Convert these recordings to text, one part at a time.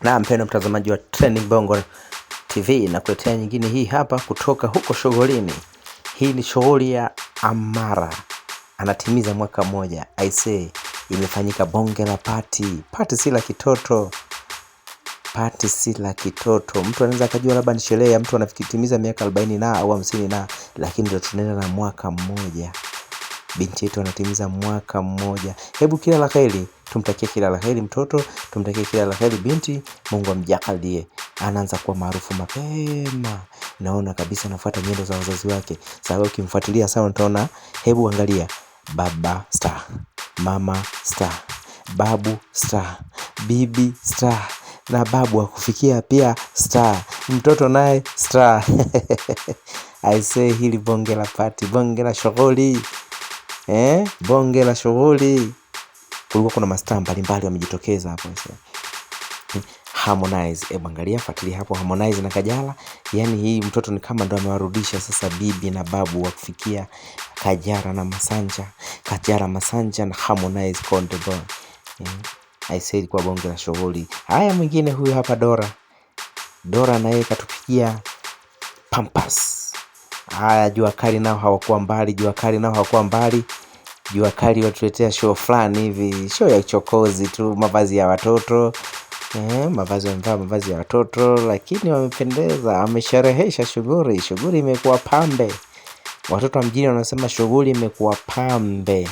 Na mpendo mtazamaji wa Trending Bongo TV na kuletea nyingine hii hapa kutoka huko shughulini. Hii ni shughuli ya Amara anatimiza mwaka mmoja. I say imefanyika bonge la pati. Pati si la kitoto, pati si la kitoto. Mtu anaweza akajua labda ni sherehe ya mtu anafikitimiza miaka arobaini na au hamsini na, lakini ndio tunaenda na mwaka mmoja binti yetu anatimiza mwaka mmoja. Hebu kila la heri, tumtakie kila la heri mtoto, tumtakie kila la heri binti, Mungu amjalie. Anaanza kuwa maarufu mapema. Naona kabisa anafuata nyendo za wazazi wake. Sasa ukimfuatilia sana utaona, hebu angalia Baba Star, Mama Star, Babu Star, Bibi Star na babu akufikia pia star, mtoto naye star. I say hili bonge la party, bonge la shughuli eh, bonge la shughuli, kulikuwa kuna mastaa mbalimbali wamejitokeza hapo sasa. Harmonize, hebu angalia, fuatilia hapo Harmonize na Kajala. Yani hii mtoto ni kama ndo amewarudisha sasa bibi na babu wa kufikia Kajala na Masanja, Kajala Masanja na Harmonize Konde Boy. Eh, said kwa bonge la shughuli. Haya, mwingine huyu hapa Dora. Dora na yeye katupigia pampas Haya jua kali nao hawakuwa mbali, jua kali nao hawakuwa mbali. Jua kali watuletea show fulani hivi, show ya uchokozi tu, mavazi ya watoto eh, mavazi wamevaa mavazi ya watoto, lakini wamependeza, wamesherehesha shughuli. Shughuli imekuwa pambe, watoto wa mjini wanasema shughuli imekuwa pambe.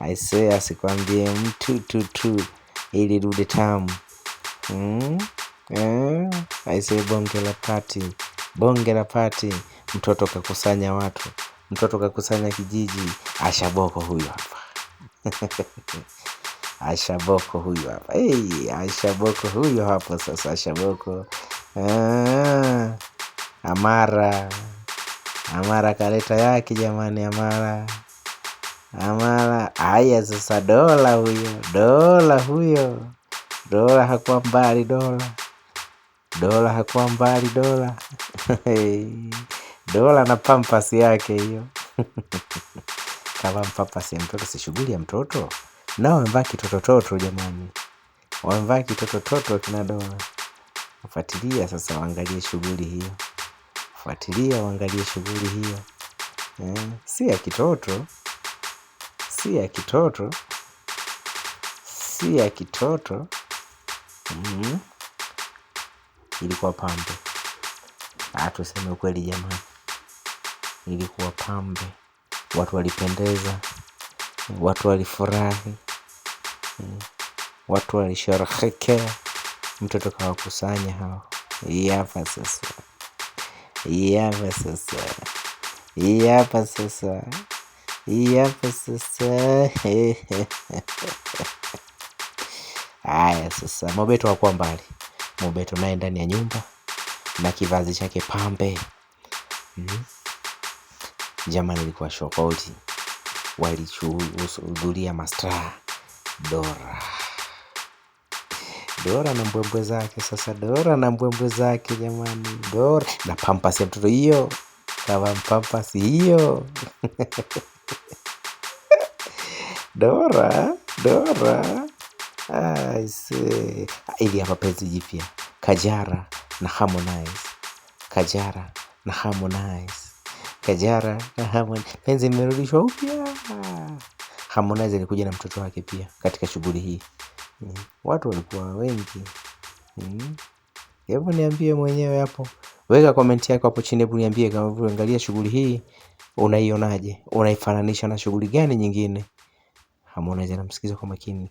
Aisee, asikwambie mtu tu tu, ili rude tamu mm? Eh, aisee, bonge la pati, bonge la pati. Mtoto kakusanya watu, mtoto kakusanya kijiji, ashaboko huyu hapa ashaboko huyu hapa hey, ashaboko huyu hapo sasa, ashaboko ah, Amara Amara kaleta yake jamani, Amara Amara. aya sasa, dola huyo, dola huyo, dola hakuwa mbali, dola dola hakuwa mbali, dola dola na pampas yake hiyo. Kama pampasi ya mtoto si shughuli ya mtoto, nao wamevaa kitotototo jamani, wamevaa kitotototo kina Dola. Fuatilia sasa, waangalie shughuli hiyo, fuatilia waangalie shughuli hiyo eh, si ya kitoto, si ya kitoto, si ya kitoto mm. Ilikuwa pambe, ah, tuseme ukweli jamani ilikuwa pambe, watu walipendeza, watu walifurahi, watu walisherehekea. Mtoto kawakusanya hao, hapa sasa, hapa sasa, hapa sasa, hapa sasa. Haya sasa, Mobeto hakuwa mbali. Mobeto naye ndani ya nyumba na kivazi chake pambe mm -hmm jamani ilikuwa shokoti walichuhudhuria mastra Dora Dora na mbwembwe zake sasa, Dora na mbwembwe zake jamani, Dora na pampas ya mtoto hiyo, kama hiyo Dora Dora ili hapa penzi jipya Kajara na Harmonize, Kajara na Harmonize kajara na Harmony. Penzi limerudishwa upya. Harmonize alikuja na mtoto wake pia katika shughuli hii. Mm, watu walikuwa wengi. Mm, hebu niambie mwenyewe hapo. Weka komenti yako hapo chini, hebu niambie kama unaangalia shughuli hii unaionaje? Unaifananisha na shughuli gani nyingine? Harmonize anamsikiza kwa makini.